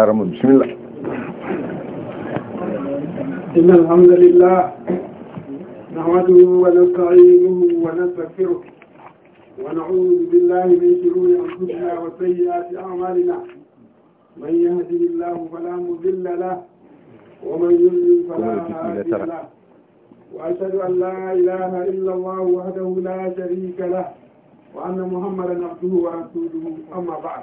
بسم الله إن الحمد لله نحمده ونستعينه ونستغفره ونعوذ بالله من شرور أنفسنا وسيئات أعمالنا من يهده الله فلا مضل له ومن يضلل فلا هادي له وأشهد أن لا إله إلا الله وحده لا شريك له وأن محمدا عبده ورسوله أما بعد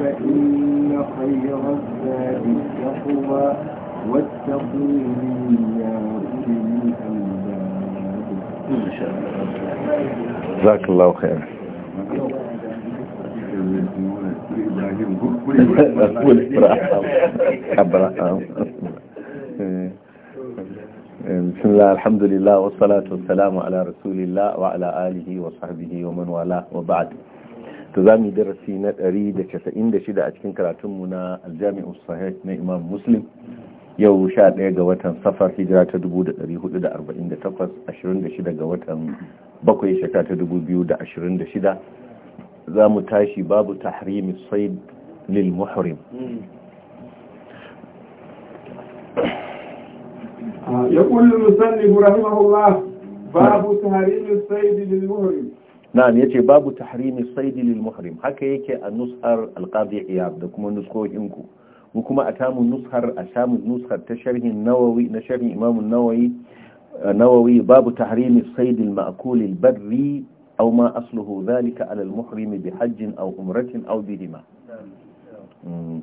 فإن خير الزاد التقوى واتقون يا جزاك الله خير بسم الله الحمد لله والصلاة والسلام على رسول الله وعلى آله وصحبه ومن والاه وبعد to za mu yi darasi na 196 a cikin karatunmu na aljami'ul sahih na imam muslim yau 11 ga watan safar hijira ta 1448 26 ga watan bakwai shekara ta 2026 za mu tashi babu tahrimi said lil muhrim يقول المصنف رحمه الله باب تحريم الصيد للمهرم na'am yace babu tahrimi saidi lil muhrim haka yake a nushar al-qadi iyab da kuma nuskokin ku mu kuma a tamu nushar a tamu nushar ta sharhin nawawi na sharhin imam an-nawawi eh, nawawi babu tahrimi saidi al-ma'kul al-barri aw ma asluhu dhalika ala al-muhrim bi hajjin aw umrah aw bihima mm.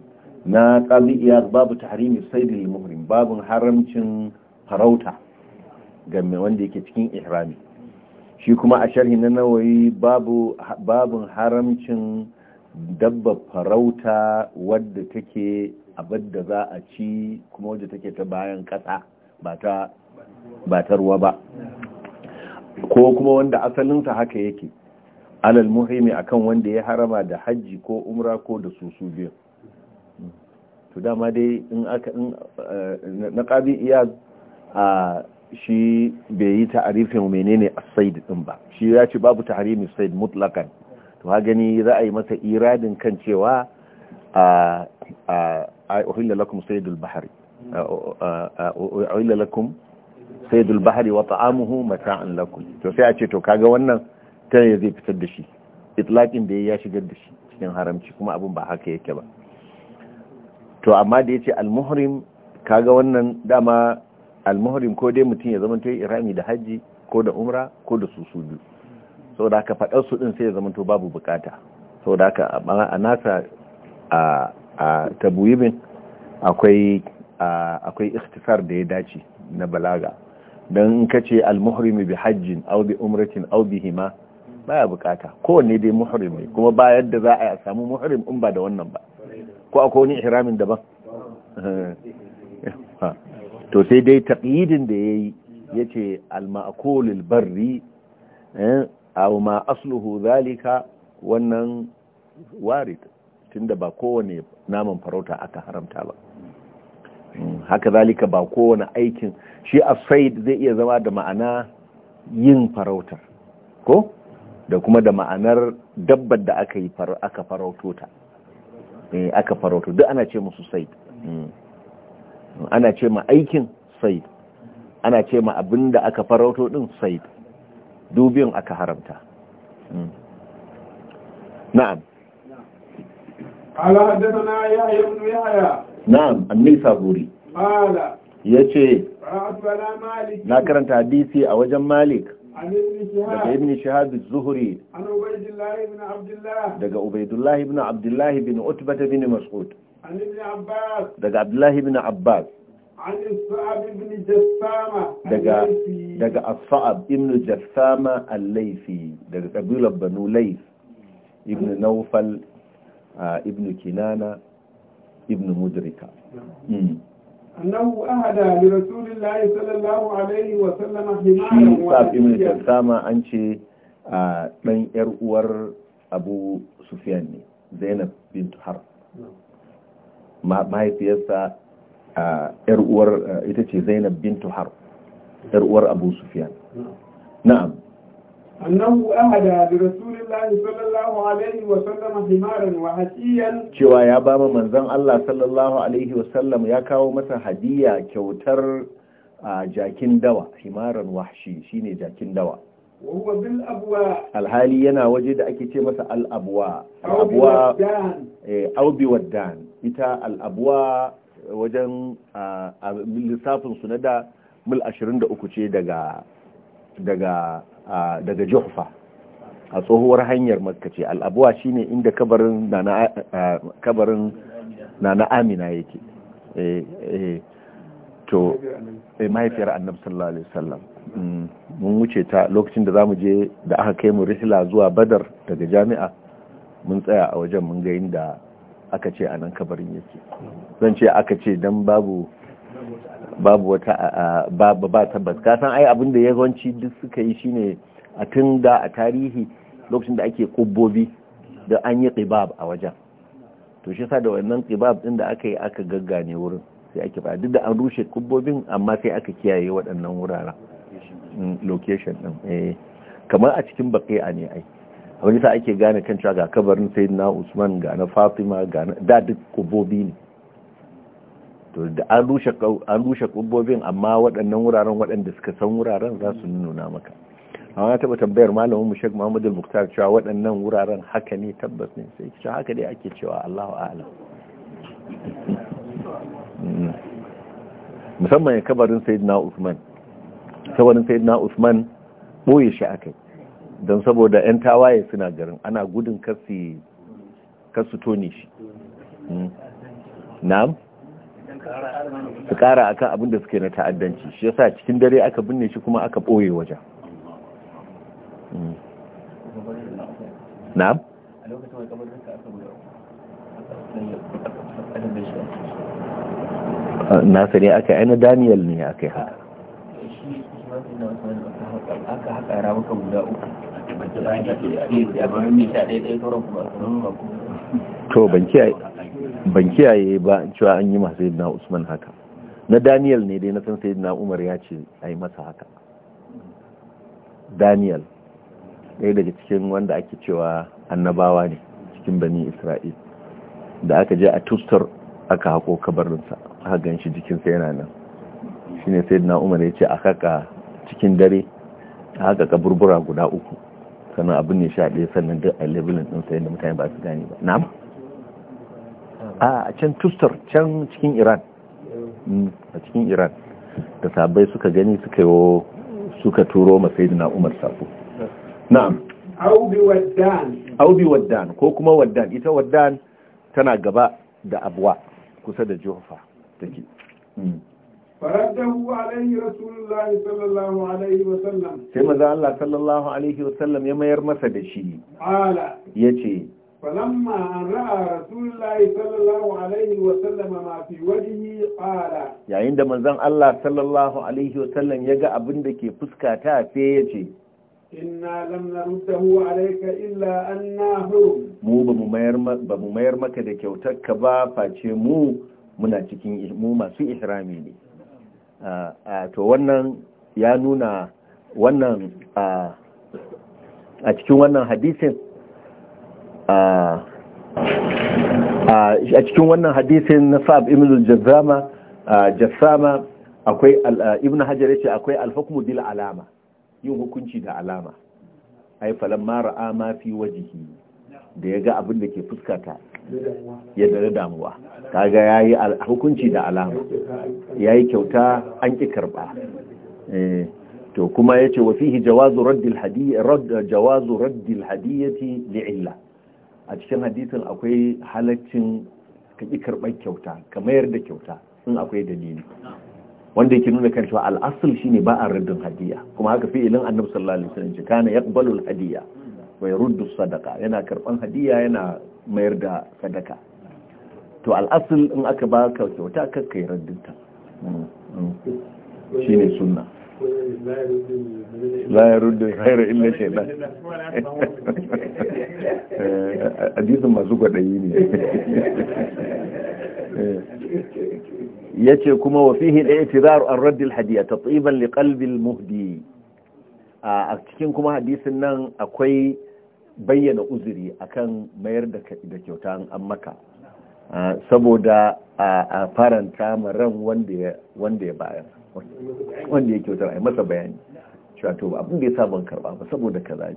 na qadi iyab babu tahrimi saidi lil muhrim babun haramcin farauta ga wanda yake cikin ihrami shi kuma a sharhi na nawayi babu babun haramcin dabba farauta wadda take abin da za a ci kuma wadda take ta bayan kasa ba ta ruwa ba ko kuma wanda asalinsa haka yake alal muhimmi akan wanda ya harama da hajji ko umra ko da susu biyu to dama dai in aka eh, na ƙabi iya a ah, shi bai yi ta'arifin menene as-said din ba shi ya ce babu tahrimin said mutlakan to ha gani za a yi masa iradin kan cewa a a uhilla lakum saydul bahri uhilla lakum saydul bahri wa ta'amuhu mata'an lakum to sai a ce to kaga wannan ta ne zai fitar da shi itlaqin da ya shigar da shi cikin haramci kuma abin ba haka yake ba to amma da yace al-muhrim kaga wannan dama almuhrim ko dai mutum ya zamanto yi irami da hajji ko da umra ko da su su biyu saboda haka faɗar su ɗin sai ya zamanto babu bukata saboda haka a nasa a a tabuyibin akwai akwai ikhtisar da ya dace na balaga don in ka ce almuhrimi bi hajjin au bi umratin au bi hima baya bukata kowanne dai muhrimi kuma ba yadda za a samu muhrim in ba da wannan ba ko akwai wani ihramin daban to sai dai taƙidin da ya yayi ya ce makulul barri eh, a ma asluhu zalika wannan warid tunda ba kowane naman farauta aka haramta ba hmm, haka zalika ba kowane aikin shi a asaid zai iya zama da ma'ana yin farautar ko da kuma da ma'anar dabbar da aka yi aka farauto ta eh, aka farauto duk ana ce musu said hmm. ana ce ma aikin sai. ana ce ma abin da aka farauto din sai. dubin aka haramta mm. na'am ala haddathana ya ibn yahya na'am annabi Saburi qala yace na karanta hadisi a wajen malik daga ibn shahab az-zuhri daga ubaydullah ibn abdullah ibn utbah ibn mas'ud daga abdullahi bin abbas daga daga as'ab ibn jassama al-laifi daga kabila banu laif ibn nawfal ibn kinana ibn mudrika annahu ahada li rasulillahi sallallahu ibn jassama an ce dan yar uwar abu sufyan ne zainab bin tuhar. mahaifiyarsa yar uwar ita ce zainab bintu har yar uwar abu sufyan na'am annahu ahada bi rasulillahi sallallahu alaihi wa sallam himaran wa hadiyan cewa ya ba mu manzon Allah sallallahu alaihi wa sallam ya kawo masa hadiya kyautar jakin dawa himaran wahshi shine jakin dawa وهو بالأبواء الحالي ينا وجد أكي تي مثلا الأبواء الأبواء A'ubi waddan. Eh, ita al'abuwa wajen lissafinsu na da mil 23 ce daga jufa daga a tsohuwar hanyar makka ce al'abuwa shine inda kabarin na na amina yake eh, eh, to eh, mahaifiyar annab sallallahu alaihi wasallam mm, mun wuce ta lokacin da zamu je da aka kai mu risila zuwa badar daga jami'a mun tsaya a wajen mun ga inda aka ce a kabarin yake zan ce aka ce don babu babu wata babu ba tabbas kasan ai abin da yawanci duk suka yi shine a tun da a tarihi lokacin da ake kubbobi da an yi qibab a wajen to shi yasa da wannan qibab din da aka yi aka gaggane wurin sai ake ba duk da an rushe kubbobin amma sai aka kiyaye waɗannan wuraren mm, location din eh kamar a cikin baqi'a ne ai wani sa ake gane kan cewa ga kabarin na usman ga na fatima ga da duk kubobi ne to da an rushe kubobin amma waɗannan wuraren waɗanda suka san wuraren za su nuna maka amma na taɓa tambayar malamin mushek Sheikh Muhammad al cewa waɗannan wuraren haka ne tabbas ne sai cewa haka dai ake cewa Allahu ala musamman ya kabarin sayyidina Usman kabarin sayyidina Usman boye shi akai don saboda 'yan tawaye suna garin ana gudun kasu toni shi hmm. na'am su kara akan abin da suke na ta'addanci shi yasa cikin dare aka binne shi kuma aka ɓoye wajen hmm. na'am ah, na sani aka yana daniel ne aka yi haka aka haka ramuka guda uku to ban kiyaye ba cewa an yi masu yadda usman haka na daniel ne dai na san sai na umar ya ce a yi masa haka daniel ɗaya daga cikin wanda ake cewa annabawa ne cikin bani isra'il da aka je a tustar aka hako kabarinsa aka gan shi jikinsa yana nan shine sai na umar ya ce a haka cikin dare a haka kaburbura guda uku sannan abin ne sha ɗaya sannan duk a labelin sayan yadda mutane ba su gani ba na'am a can tustar can cikin iran a cikin iran da sabai suka gani suka yi suka turo masai na umar safo na'am aubi waddan ko kuma waddan ita waddan tana gaba da abuwa kusa da jofa take hmm. faraddahu alaihi rasulullahi sallallahu alaihi wasallam sai maza Allah sallallahu alaihi wasallam ya mayar masa da shi ala yace falamma ra'a rasulullahi sallallahu alaihi wa wasallam ma fi wajhihi ala yayin da manzon Allah sallallahu alaihi wasallam ya ga abin da ke fuskata sai yace inna lam naruddahu alayka illa anna hum mu ba mu mayar ba mu mayar maka da kyautar ka ba face mu muna cikin mu masu ihrami ne to wannan ya nuna wannan a cikin wannan hadisin a cikin wannan hadisin na sa'ab ibn al-jazama jassama akwai ibn hajar yace akwai al-hukmu bil alama yin hukunci da alama ay falamma ra'a ma fi wajhihi da ya ga abin da ke fuskata ya dare damuwa kaga ya yi hukunci da alama ya yi kyauta an ƙi karɓa eh, to kuma ya ce hi jawazu raddil hadiyyati li'illa a cikin hadisin akwai halaccin ka ƙi karɓar kyauta ka mayar da kyauta in akwai dalili wanda yake nuna kan cewa al'asul shine ba a raddin hadiyya kuma haka fi'ilin annabi sallallahu alaihi wasallam kana yaqbalu al-hadiyya wai ruddu sadaka yana karban hadiya yana mayar da sadaka to al'asul in aka ba ka kyauta kakka yi raddinta mm. shi ne sunna la ya ruddu khairu illa shaytan eh, hadisin masu gwadayi ne eh. yace kuma wa fihi al an ar al-hadiya tatiban li qalbi al-muhdi ah, a cikin kuma hadisin nan akwai bayyana uzuri akan mayar da kyauta an maka saboda a faranta ma ran wanda ya bayar wanda ya kyautar a masa bayani Shato abin da ya sa karba ba saboda kaza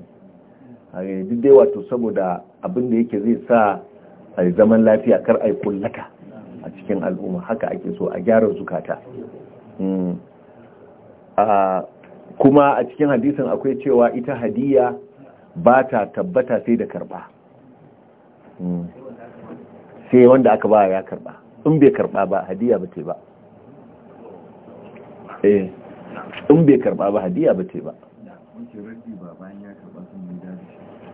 ne duk dai wato saboda abin da yake zai sa a zaman lafiya kar a yi kullata a cikin al'umma haka ake so a gyara zukata hmm. kuma a cikin hadisin akwai cewa ita hadiya ba ta tabbata sai da karba hmm. sai wanda aka ba ya karba in bai karba ba hadiya ba ce ba eh. in bai karba ba hadiya ba ce ba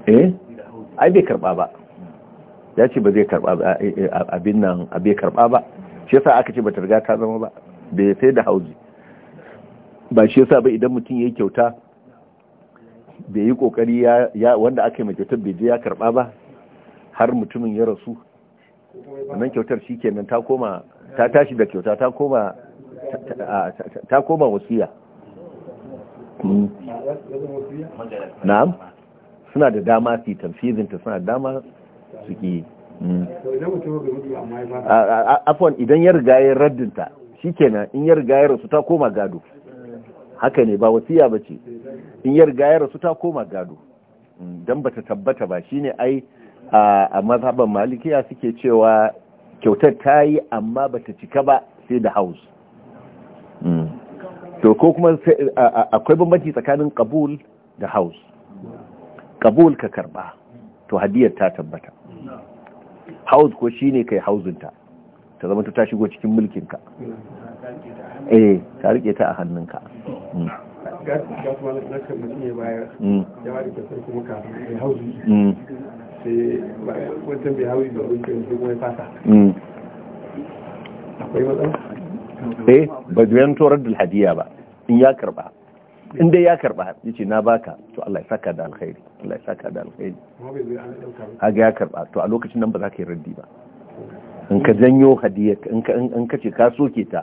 eh ai bai karba ba ya ce ba zai karba eh, eh, abin nan a bai karba ba shi yasa aka ce ba ta riga ta zama ba bai sai da hauzi ba shi yasa ba idan mutum ya yi kyauta bai yi kokari ya wanda aka yi kyautar bai je ya karba ba har mutumin ya rasu wannan kyautar shi kenan ta koma ta tashi da kyauta ta koma ta koma wasiya hmm. na'am suna da dama su ta suna da dama su ki hmm. afon idan ya riga ya raddinta shi nan in ya riga ya rasu ta koma gado haka ne ba wasiya ba ce in yarga gayar ya rasu ta koma gado don ba ta tabbata ba shine ai a mazhaban malikiya suke cewa kyautar ta yi amma ba ta cika ba sai da haus hmm. to ko kuma akwai bambanci tsakanin kabul da haus kabul ka karba to hadiyar ta tabbata haus ko shine kai hauzinta ta zama ta shigo cikin mulkinka eh ka rike ta a hannunka mm. Mm. Mm. eh ba juyan torar da hadiya ba in ya karba in dai ya karba ya ce na baka to Allah ya saka da alkhairi Allah ya saka da alkhairi haga ya karba to a lokacin nan ba za ka yi raddi ba in ka janyo hadiyar in ka ce ka soke ta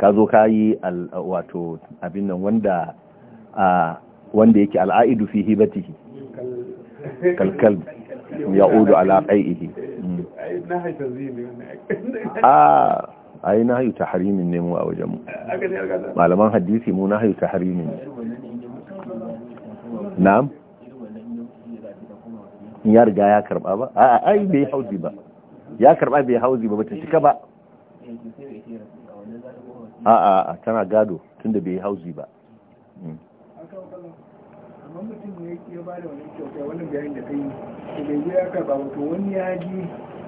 ka zo ka yi wato abin nan wanda wanda yake al'aidu fi hibati kalkal ya udu alaƙa qai'ihi hmm. a yi na hayu harimin ne mu a wajen mu malaman hadisi mu na hayu tahrimin na'am ya riga ya karba ba a ai bai hauzi ba ya karba bai hauzi ba ba ta cika ba a'a tana gado tunda bai hauzi ba hmm. ya da wani da kai da bai ya ba wato wani ya ji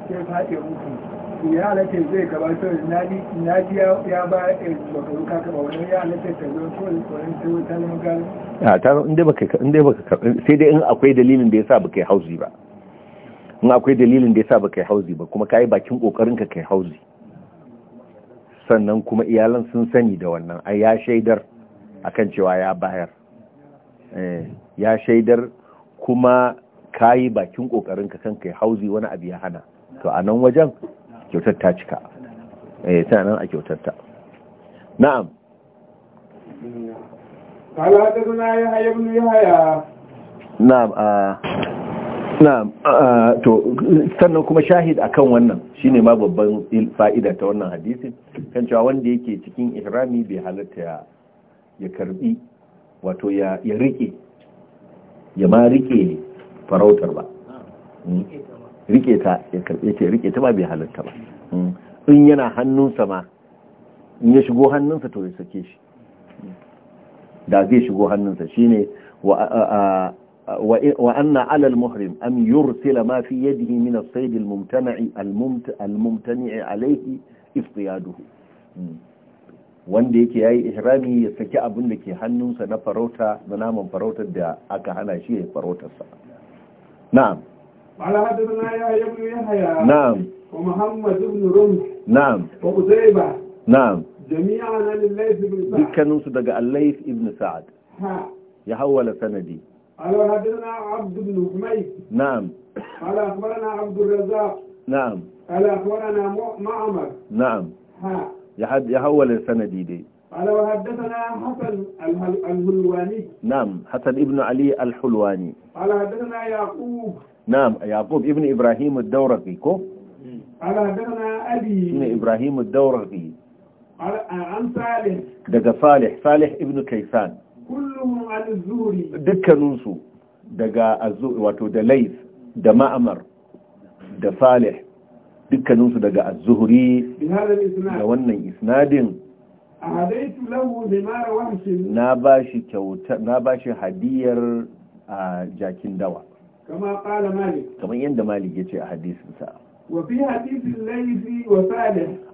sai mutu ya zai ya ba ya eh, ba ya ko sai a baka sai dai in akwai dalilin da yasa baka yi hauzi ba in akwai dalilin da yasa baka yi hauzi ba kuma yi bakin kokarin ka kai hauzi sannan kuma iyalan sun sani da wannan a ya shaidar akan cewa ya bayar eh, ya shaidar kuma kayi bakin kokarin ka kanka ya hauzi wani abu ya hana to a nan wajen kyautar ta cika eh tana nan a kyautar ta na'am قال حدثنا يحيى ibn yahya na'am آه ah. na'am uh, to sannan kuma shahid akan wannan shine ma babban fa'ida ta wannan hadisin kan cewa wanda yake cikin ihrami bai halatta ya karbi wato ya rike ya ma rike farautar ba hmm? rike ta ya karbe ce rike ta ba bai halatta ba hmm? in yana hannunsa ma in ya shigo hannunsa to ya sake shi hmm? da zai shigo hannunsa shine wa وأن على المحرم أن يرسل ما في يده من الصيد الممتنع الممتنع عليه اصطياده wanda yake yayi ihrami ya saki abin da ke hannunsa na farauta na naman farautar da aka hana shi ya farautar sa na'am ala hadathana ya ibn yahya na'am wa muhammad ibn rumh na'am wa uzayba na'am jami'an al-layth ibn Sa'ad. dukkanin su daga al-layth ibn sa'd ya hawala sanadi قال حدثنا عبد بن حميد نعم قال أخبرنا عبد الرزاق نعم قال أخبرنا معمر نعم ها يحول السندي دي قال وحدثنا حسن الحلواني نعم حسن ابن علي الحلواني قال حدثنا يعقوب نعم يعقوب ابن إبراهيم الدورقي كو قال حدثنا أبي ابن إبراهيم الدورقي عن صالح دقى صالح صالح ابن كيسان dukkaninsu daga azuri wato da lais da ma'amar da salih dukkaninsu daga az da wannan isnadin na ba shi kyauta na ba shi hadiyar a jakin dawa kama malik kamar yadda malik yace a hadisinsa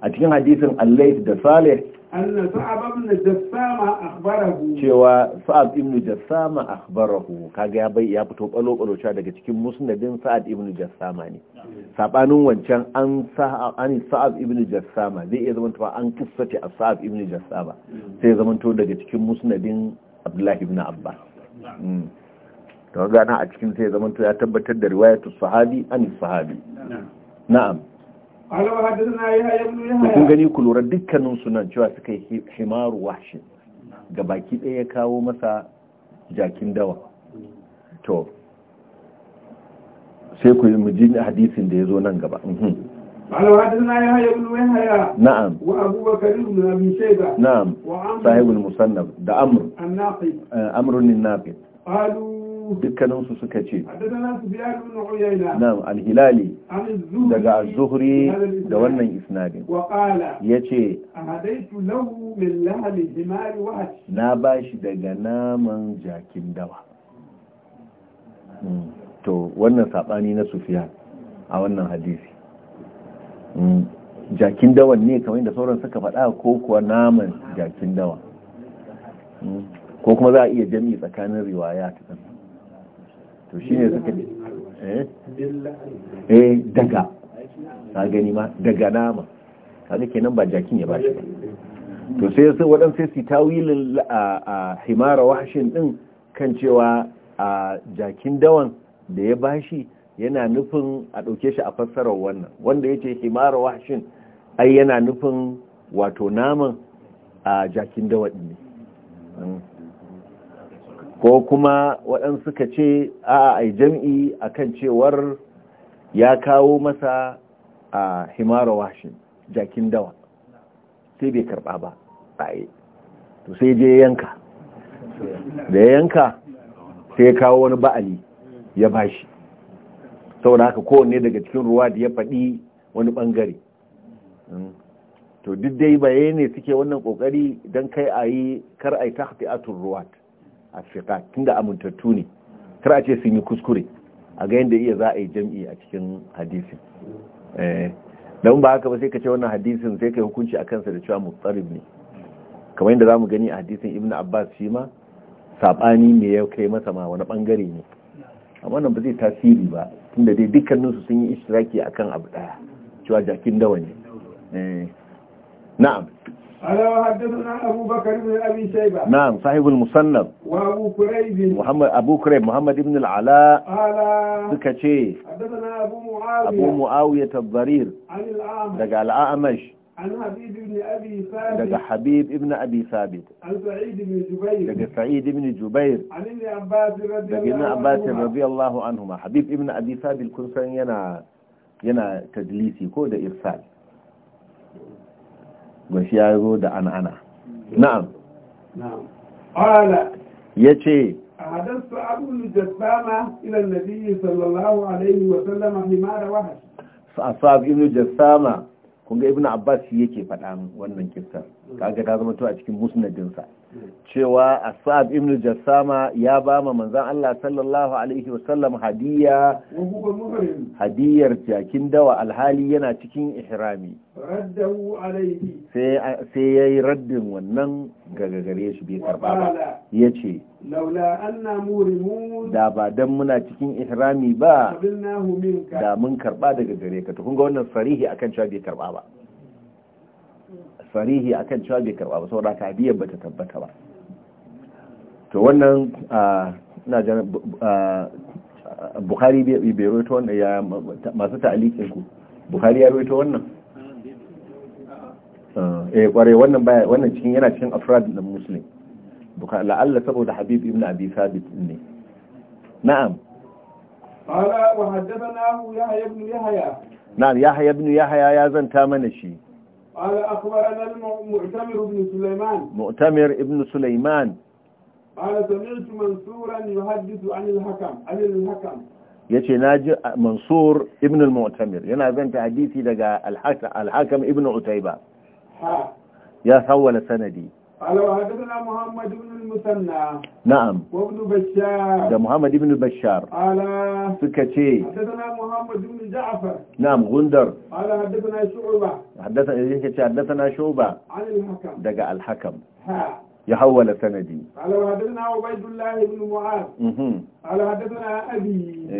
a cikin hadisin al da salih أن sa'ab بن جسامة أخبره cewa sa'ad ibn jassama akhbarahu kaga ya bai ya fito balo balo cha daga cikin musnadin sa'ad ibn jassama ne sabanin wancan an an sa'ad ibn jassama zai iya zamanto an kissace a sa'ad ibn jassama sai zamanto daga cikin musnadin abdullahi ibn abbas to ga na a cikin sai zamanto ya tabbatar da riwayatu sahabi an sahabi na'am kun gani ku lura dukkanin sunan cewa suka yi himaru washin ga baki ɗaya ya kawo masa jakin dawa to sai ku yi mujin hadisin da ya zo nan gaba mhm. na'am wa abubakar ibn abi shayba na'am sahibul musannaf da amr an-nafi eh, amrun nafi qalu Dukkaninsu suka ce na'am al-hilali daga zuhuri da wannan isnadin Ya ce, na bashi daga naman jakin dawa to wannan sabani na sufiya a wannan hadisi jakin dawan ne kamar yadda sauran suka faɗa ko kuwa naman jakin dawa ko kuma za a iya jami tsakanin riwaya ta to shi ne suka ce eh? eh daga ka gani ma daga nama kaga kenan ba jakin ya bashi ba to sai sai wadan sai su tawilin a himara wahshin din kan cewa a jakin dawan da ya bashi yana nufin a dauke shi a fassarar wannan wanda yace himara washin ai yana nufin wato naman a jakin dawan ne hmm. ko kuma waɗansu ka ce a ai jam'i akan cewar ya kawo masa a himara washin jakin dawa sai bai karɓa ba tsaye to sai je yanka da ya yanka sai ya kawo wani ba'ali ya bashi saboda haka kowanne daga cikin ruwa da ya faɗi wani ɓangare hmm. to duk dai baye ne suke wannan ƙoƙari don kai a yi kar a yi tahti atun ruwat a fiƙa da amintattu ne kar a ce sun yi kuskure a ga yadda iya za a yi jam'i a cikin hadisin eh, don ba haka ba sai ka ce wannan hadisin sai ka yi hukunci a kansa da cewa mutsarib ne kamar yadda za mu gani a hadisin ibn abbas shi ma saɓani ne ya kai masa ma wani ɓangare ne amma nan ba zai tasiri ba tunda dai dukkaninsu sun yi ishtiraki akan abu ɗaya cewa jakin dawa ne eh, na'am ألا وحدثنا أبو بكر بن أبي شيبة نعم صاحب المصنف وأبو كريب محمد أبو كريب محمد بن العلاء قال سكتشي حدثنا أبو معاوية أبو معاوية الضرير عن الأعمش دقى الأعمش عن حبيب بن أبي ثابت دقى حبيب ابن أبي ثابت عن سعيد بن جبير دقى سعيد بن جبير عن ابن عباس رضي الله عنهما ابن عباس رضي الله عنهما حبيب ابن أبي ثابت كنسان ينا ينا تدليسي كود إرسال gwashi ya zo da anaana ana na'am ya ce حدثت أبو الجسامة إلى النبي صلى الله عليه himara حمار a أصاب ابن الجسامة kunga ibn abbas yake faɗa wannan kissar kaga ta zama to a cikin musnadinsa cewa a asab ibn jassama ya ba ma manzan Allah sallallahu alaihi wasallam hadiya hadiyar jakin dawa alhali yana cikin ihrami raddahu sai ya yi raddin wannan gagagare gare shi bai karba ba ya ce laula anna da ba dan muna cikin ihrami ba da mun karba daga gare ka to kun ga wannan sarihi akan cewa bai karba ba sarihi akan cewa bai karba ba saboda ka biyan bata tabbata ba to wannan ina jan bukhari bai ta wannan ya masu ta'alikin ku bukhari ya rawaito wannan eh kware wannan baya wannan cikin yana cikin afrad da muslim buka la'alla saboda habib ibn abi sabit ne na'am qala wa haddathana yahya ibn yahya na'am yahya ibn yahya ya zanta mana shi قال al-mu'tamir ibn sulaiman mu'tamir ibn sulaiman qala sami'tu mansuran yuhaddithu 'an Al hakam 'an al-hakam na ji mansur ibn al-mu'tamir yana zanta hadisi daga al-hakam ibn utaiba ya sawwala sanadi alaw hadathana muhammad ibn al-musanna na'am wa ibn da muhammad ibn bashar suka ce hadathana muhammad ibn ja'far na'am ce hadathana shu'ba al daga al ya hawala sanadi alaw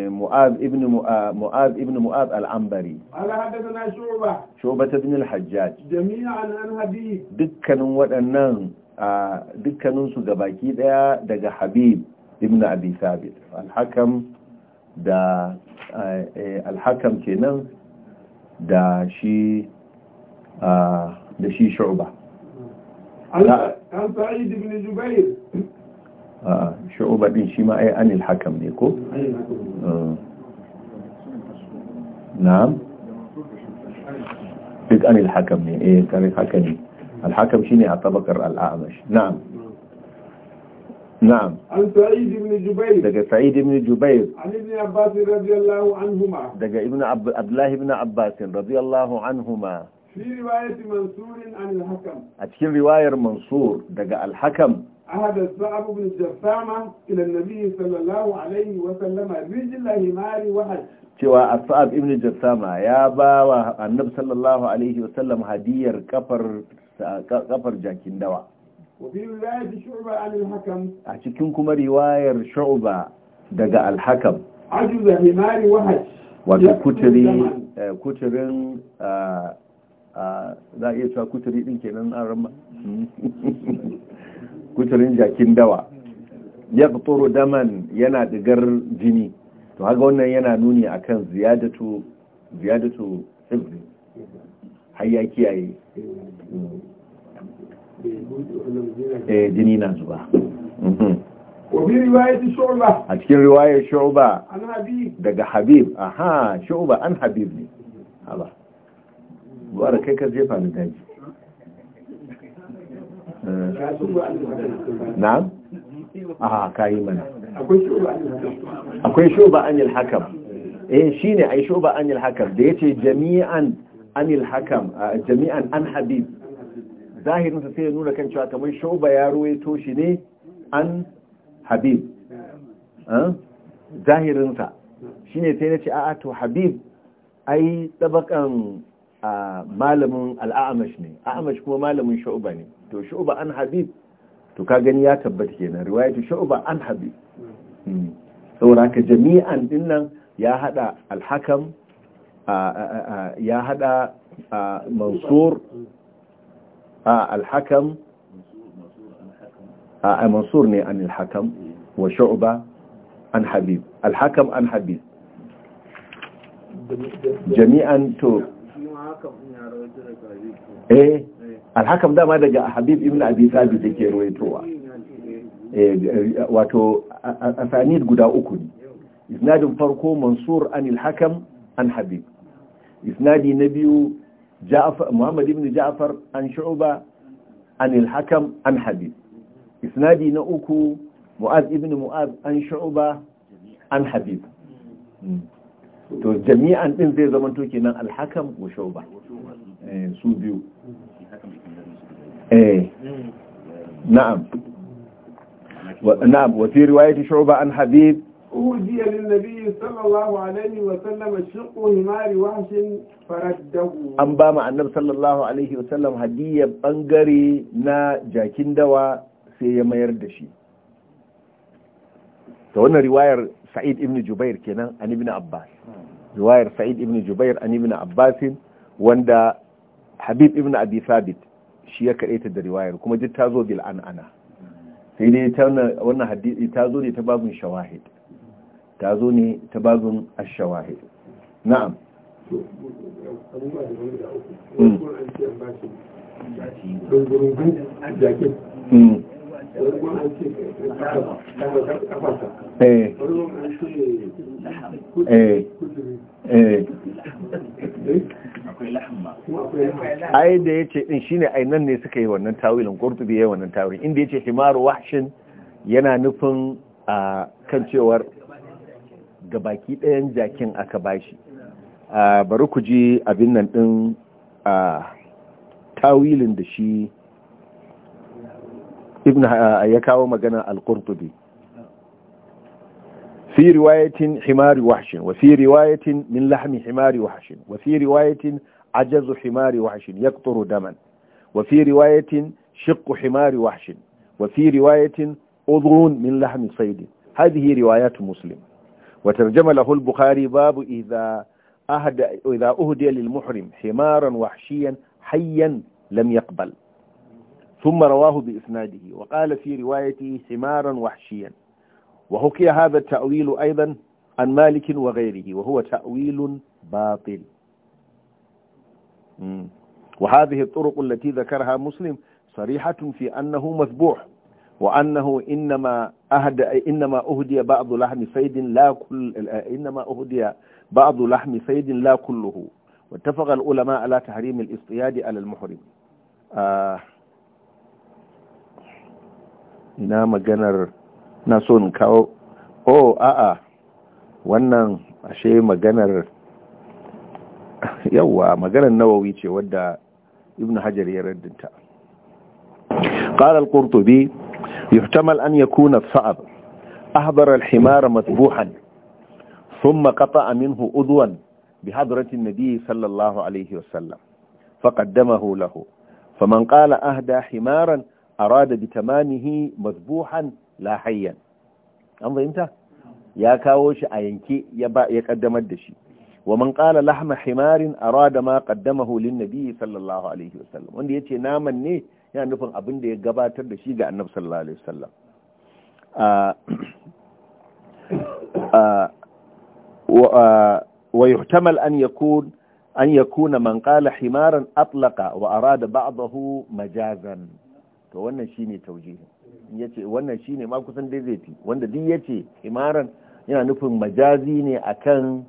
معاذ ابن al'ambari. ابن معاذ العنبري قال حدثنا شعبة شعبة بن الحجاج جميعا عن حبيب دكان ودنان دكانن su gabaki daya daga Habib ibn Abi Thabit hakam kenan da shi da shi shu'uba din shi ma ai anil hakam ne ko eh. na'am duk anil hakam ne eh kare haka ne shine a tabakar al-a'mash na'am na'am an sa'id ibn jubayr daga sa'id ibn jubayr an ibn abbas radiyallahu anhuma daga ibn abdullah ibn abbas radiyallahu anhuma fi riwayat mansur an hakam a cikin riwayar mansur daga alhakam. عهد الصعب بن الجسامة إلى النبي صلى الله عليه وسلم رجل همار وحج cewa asab ibn jassama ya ba wa annab sallallahu alaihi wasallam hadiyar kafar jakin dawa a cikin kuma riwayar shu'ba daga al-hakam wato kuturi kuturin za a iya cewa kuturi ke kenan an ramar. kuturin jakin dawa ya daman yana digar jini to haga wannan yana nuni akan ziyadatu ziyadatu hibri har ya kiyaye eh jini na zuba mhm. a cikin riwayar shu'ba daga habib aha shu'ba an habib ne haba buwar kai ka jefa ni daji na'am aha ka yi mana akwai shuba anil hakam eh shine ai shuba anil hakam da yace jami'an anil hakam jami'an an habib Zahirinsa sai ya nuna kan cewa kamar shuba ya ruwaito shi ne an habib Zahirinsa sa shine sai na ce a'a to habib ai tabakan malamin al'amash ne a'amash kuma malamin shuba ne to shu'ba an habib to ka gani ya tabbata kenan riwayatu shu'ba an habib hmm. saboda ka jami'an dinnan ya hada alhakam ya hada mansur alhakam mansur ne an alhakam wa shu'ba an habib alhakam an habib jami'an to eh alhakam dama daga habib ibn abi sabi da ke ruwaitowa eh, wato asanid guda uku ne isnadin farko mansur an ilhakam an habib isnadi na biyu muhammad ibn ja'far an shu'ba an ilhakam an habib isnadi na uku mu'az ibn mu'az an shu'ba an habib hmm. to jami'an din zai zamanto kenan alhakam wa shu'ba eh, su biyu eh نعم na'am wa fi riwayati shu'ba an habib للنبي صلى الله عليه وسلم شق همار وحش فرده أن بام النبي صلى الله عليه وسلم هدية بانغري نا جاكين دوا سيما يردشي تقولنا رواية سعيد ابن جبير كنا عن ابن عباس رواية سعيد ابن جبير عن ابن عباس وندا habib ibn abi sabit shi ya kaɗaita da riwayar kuma duk ta zo bil an'ana sai dai wannan hadisi ta zo ne ta babun shawahid ta zo ne ta babun ash-shawahid na'am Mm. Eh, eh, eh. ai da ya ce din shi ne nan ne suka yi wannan tawilin qurtubi yayi wannan tawilin inda yace himaru washin yana nufin a kan cewar ga baki ɗayan jakin aka bashi bari ku ji abin nan din tawilin da shi ابن آه، يكاو مجنى القرطبي في رواية حمار وحش وفي رواية من لحم حمار وحش وفي رواية عجز حمار وحش يقطر دما وفي رواية شق حمار وحش وفي رواية أضر من لحم صيد هذه روايات مسلم وترجم له البخاري باب إذا أهدى, إذا أهدي للمحرم حمارا وحشيا حيا لم يقبل ثم رواه بإسناده وقال في روايته ثمارا وحشيا وحكي هذا التأويل أيضا عن مالك وغيره وهو تأويل باطل وهذه الطرق التي ذكرها مسلم صريحة في أنه مذبوح وأنه إنما أهدى إنما أهدي بعض لحم صيد لا كل إنما أهدي بعض لحم صيد لا كله واتفق العلماء على تحريم الاصطياد على المحرم آه na maganar in kawo o a'a wannan ashe maganar yawwa maganar nawawi ce wadda ibn hajar ya raddanta qala al-qurtubi yuhtamal an yakuna sa'ab ahbar al-himara madbuhan thumma qata'a minhu udwan bi hadrati an-nabi sallallahu alayhi wa sallam fa qaddamahu lahu faman qala ahda himaran arada bi tamamihi mazbuhan la hayyan an fahimta ya kawo shi a yanke ya ba kaddamar da shi wa man qala lahma himarin arada ma qaddamahu lin nabi sallallahu alaihi wasallam wanda yace naman ne yana nufin abin da ya gabatar da shi ga annabi sallallahu alaihi wa yuhtamal an an yakuna man qala himaran atlaqa wa arada ba'dahu majazan to wannan shine taujihin ce wannan shine ma kusan dai wanda duk ce imaran yana nufin majazi ne akan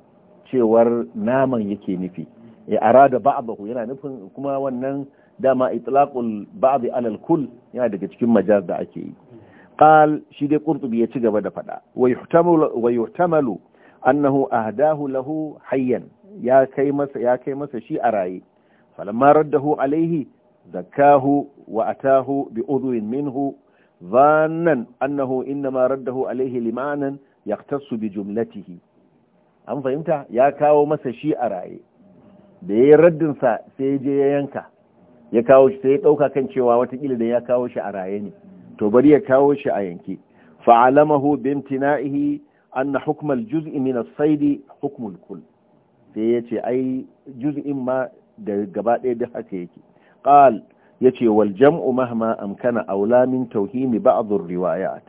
cewar naman yake nufi ya arada ba'dahu yana nufin kuma wannan dama itlaqul ba'd alal kull yana daga cikin majaz da ake yi qal shi dai qurtubi ya ci gaba da fada wa yuhtamalu wa yuhtamalu annahu ahdahu lahu hayyan ya kai masa ya kai masa shi a raye falamma raddahu alaihi wa زكاه minhu بأذو annahu inna ma raddahu رده عليه لمعنى bi jumlatihi an fahimta ya kawo masa shi a raye da ya yi sa sai ya je ya yanka ya kawo shi sai ya ɗauka kan cewa watakila da ya kawo shi a raye ne to bari ya kawo shi a yanke fa'alamahu bimtina'ihi anna hukmal juz'i min as-sayd hukmul kull sai ya ce ai juz'in ma da gaba ɗaya da haka yake قال يتي والجمع مهما أمكن أولى من توهيم بعض الروايات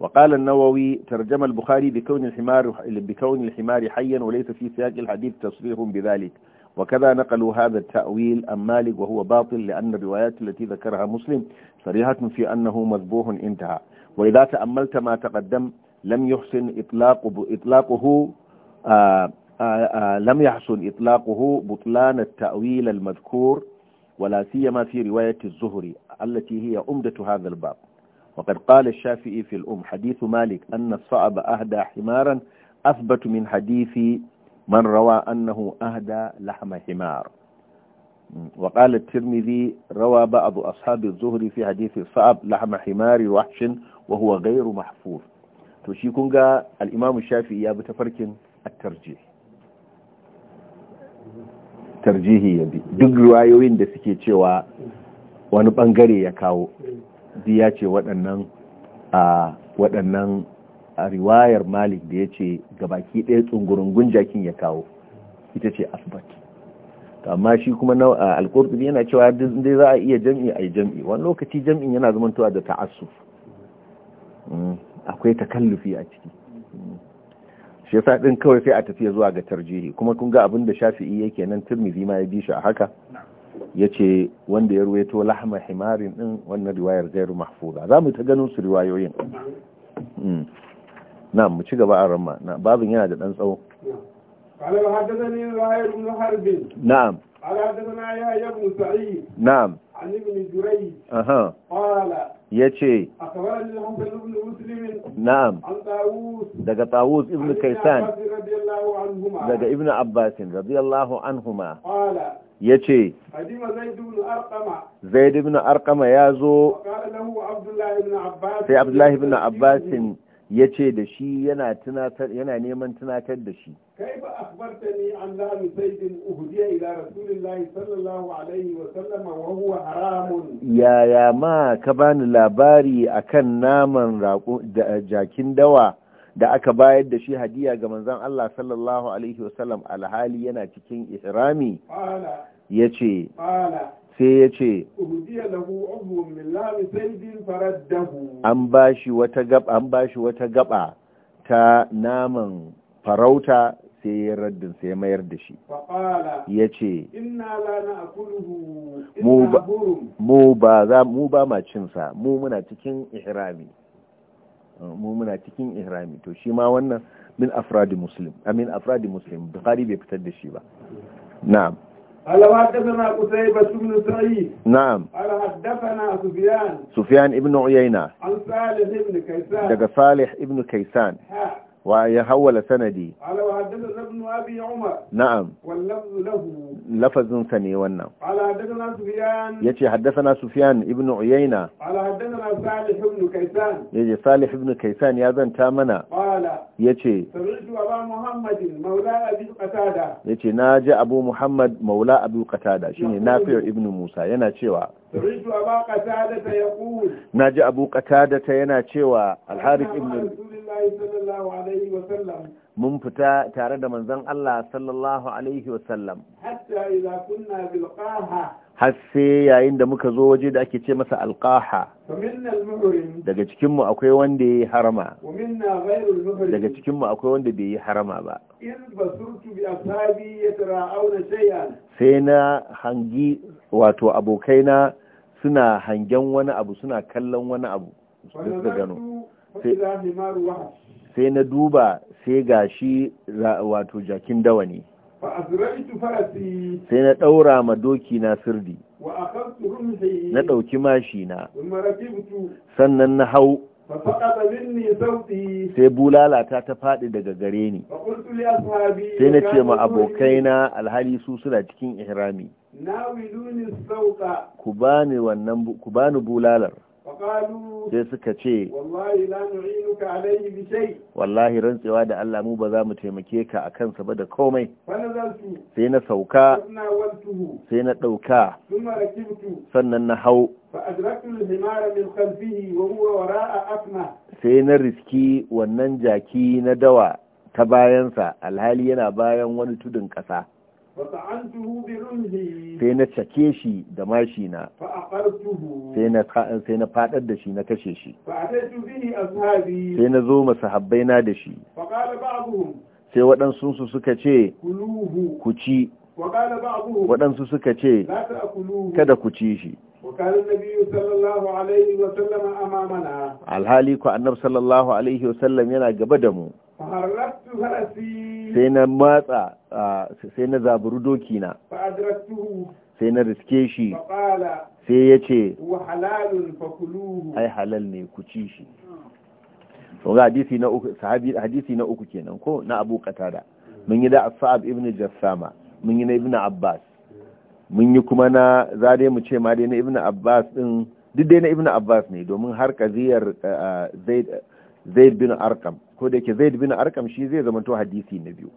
وقال النووي ترجم البخاري بكون الحمار بكون الحمار حيا وليس في سياق الحديث تصريح بذلك وكذا نقلوا هذا التأويل أم مالك وهو باطل لأن الروايات التي ذكرها مسلم صريحة في أنه مذبوح انتهى وإذا تأملت ما تقدم لم يحسن إطلاق إطلاقه آآ آه، آآ آه، آه، لم يحسن إطلاقه بطلان التأويل المذكور ولا سيما في رواية الزهري التي هي أمدة هذا الباب وقد قال الشافعي في الأم حديث مالك أن الصعب أهدى حمارا أثبت من حديث من روى أنه أهدى لحم حمار وقال الترمذي روى بعض أصحاب الزهري في حديث الصعب لحم حمار وحش وهو غير محفوظ تشيكونغا الإمام الشافعي ga al'imamu الترجيح tarjihi ya bi duk riwayoyin da suke cewa wani bangare ya kawo di ya ce waɗannan a waɗannan a riwayar malik da ya ce gabaki ɗaya tsungurin gunjakin ya kawo ita ce asbat amma shi kuma na alƙurtubi yana cewa dai za a iya jam'i a yi jam'i wani lokaci jam'in yana zamantowa da ta'assuf hmm, akwai takallufi a ciki hmm. shi yasa din kawai sai a tafiya zuwa ga tarjihi kuma kun ga abin da shafi'i yake nan turmi ma ya bi shi a haka Ya ce wanda ya ruwaito lahama himarin din wannan riwayar gairu mahfuza za mu ta ganin su riwayoyin na hmm. mu ci gaba a ramma babin yana da ɗan tsawo قال حدثني زهير بن حرب نعم قال حدثنا يحيى بن سعيد نعم عن ابن جريج اها قال daga tawus ibn kaisan daga ibn abbas radiyallahu anhuma yace zaid ibn yazo sai abdullahi ibn abbas ya ce da shi yana neman tunatar da shi kai ba kubarta ne an zami saidin uhudiya ila rasulillahi sallallahu alaihi wa sallama wa huwa haramun yaya ma ka bani labari akan naman jakin dawa da aka bayar da shi hadiya ga manzan Allah sallallahu alaihi wa sallam alhali yana cikin ihrami ya ce sai ya ce an ba shi wata gaba ta naman farauta sai ya raddin sai mayar da shi ya ce mu ba ma cinsa mu muna cikin ihrami mu muna cikin ihrami to shi ma wannan min afradi muslim amin afradi muslim bukhari bai fitar da shi ba na'am قال حدثنا قتيبة بن سعيد نعم قال حدثنا سفيان سفيان ابن عيينة عن صالح ابن كيسان دقى صالح ابن كيسان ويحول سندي قال وحدثنا ابن ابي عمر نعم واللفظ له لفظ سني ونا قال حدثنا سفيان يتي حدثنا سفيان ابن عيينة قال حدثنا صالح ابن كيسان يجي صالح ابن كيسان يا زن تامنا قال ya ce ya ce na ji abu muhammad maula abu katada shi ne nafiyar ibn musa yana cewa na ji abu katada ta yana cewa alharik ibn mun fita tare da manzon Allah sallallahu alaihi wasallam hatta idza kunna bilqaha har sai yayin da muka zo waje da ake ce masa alƙaha daga cikinmu akwai wanda ya yi harama daga cikinmu akwai wanda bai yi harama ba sai na hangi wato abokaina suna hangen wani abu suna kallon wani abu da gano sai na duba sai gashi wato jakin dawa ne sai na ɗaura ma doki na sirdi na ɗauki mashi na sannan na hau sai bulalata ta faɗi daga gare ni sai na ce ma abokaina alhali su suna cikin ihrami ku bani wannan ku bani bulalar sai suka ce wallahi rantsewa da Allah mu ba za mu taimake ka a kansa ba da komai sai na sauka sai na ɗauka sannan na hau sai na riski wannan jaki na dawa ta bayansa alhali yana bayan wani tudun ƙasa sai na cake shi da mashi na sai na fadar da shi na kashe shi sai na zo masahabbai na da shi sai waɗansu su suka ce ku ci waɗansu suka ce kada ku ci shi alhali ku annab sallallahu alaihi wasallam yana gaba da mu sai na matsa sai na zaburu doki na sai na riske shi sai ya ce ai halal ne ku ci shi ga hadisi na uku sahabi hadisi na uku kenan ko na Abu Qatada mun yi da Sa'ab ibn Jassama mun yi na Ibn Abbas mun yi kuma na za dai mu ce ma dai na Ibn Abbas din duk dai na Ibn Abbas ne domin har kaziyar Zaid zaid bin arkam ko da yake zaid bin arkam shi zai zama to hadisi na biyu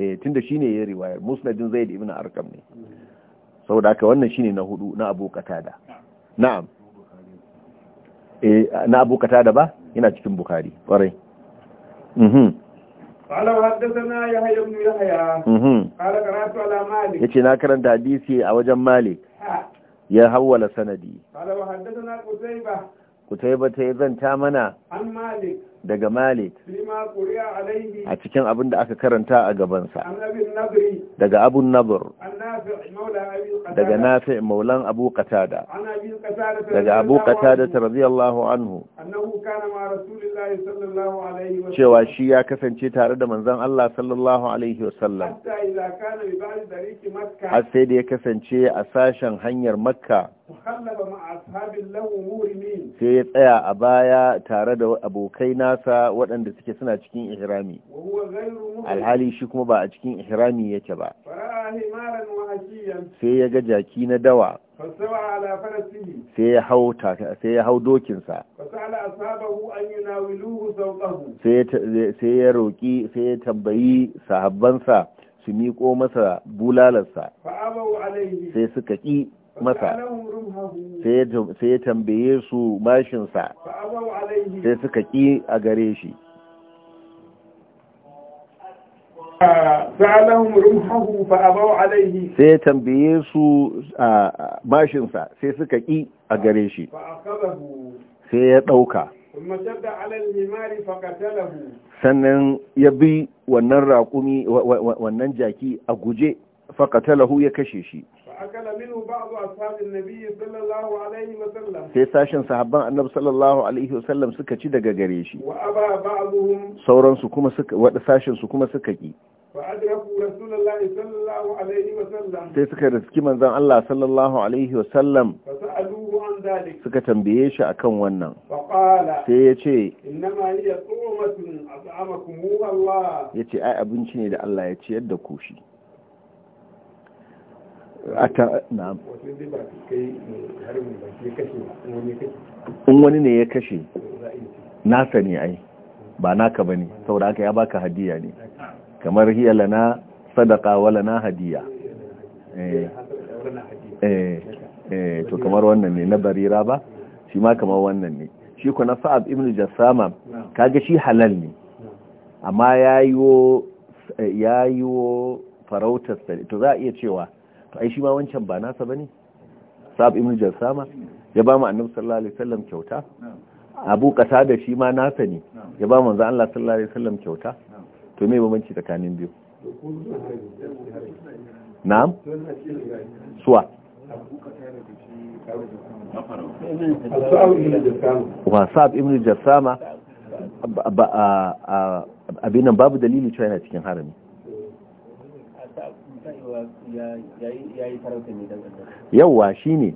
eh tunda shine ya riwayar musnadin zaid ibn arkam ne saboda haka wannan shine na hudu na abu qatada na'am eh na abu qatada ba yana cikin bukhari kware mhm قال وحدثنا يحيى بن يحيى قال قرات على مالك yace na karanta hadisi a wajen malik ya hawwala sanadi قال وحدثنا قتيبة kutaiba ta zanta mana daga malik a cikin abin da aka karanta a gabansa daga abun nabur daga nafi maulan abu qatada daga abu qatada radiyallahu anhu annahu kana ma rasulillahi cewa shi ya kasance tare da manzon Allah sallallahu alaihi wa sallam makka sai da ya kasance a sashen hanyar makka khallaba sai ya tsaya a baya tare da abokai nasa waɗanda suke suna cikin ihrami alhali shi kuma ba a cikin ihrami yake ba sai ya ga jaki na dawa sai ya hau sai ya hau dokinsa sai ya roƙi sai ya tambayi sahabbansa su miko masa bulalarsa sai suka ƙi masa sai ya tambaye su mashinsa sai suka ƙi a gare shi sa'alahum rumhahu fa abaw sai tambaye su a sa sai suka ƙi a gare shi sai ya ɗauka. sannan ya bi wannan raƙumi wannan jaki a guje fakatalahu ya kashe shi akala minhu ba'du ashabin nabi sallallahu alaihi wa sallam sai sashin sahabban annabi sallallahu alaihi wa sallam suka ci daga gare shi wa aba ba'dhum sauran su kuma suka wada sashin su kuma suka ki fa adraku rasulullahi sallallahu alaihi wa sallam sai suka riski manzon Allah sallallahu alaihi wa sallam fa sa'aluhu an dalik suka tambaye shi akan wannan fa qala sai yace innama hiya tumatun at'amakum Allah yace ai abinci ne da Allah ya ciyar da ku shi in wani ne ya kashe nasa ne ai ba naka ba ne saboda aka ya baka hadiya ne kamar hiya lana sadaka wala na hadiya eh, eh, eh, to kamar wannan ne na barira ba shi ma kamar wannan ne shi kuna sa'ab ibn jassama ga shi halal ne amma ya yiwo farautar to za a iya cewa ai shi ma wancan ba nasa bane sa'ab ibn Jarsama ya ba mu annabi sallallahu alaihi wasallam kyauta abu da shi ma nasa ne ya ba manzo Allah sallallahu alaihi wasallam kyauta to me bambanci tsakanin biyu na'am suwa wasab ibn abin abinan babu dalili cewa yana cikin harami yawwa shine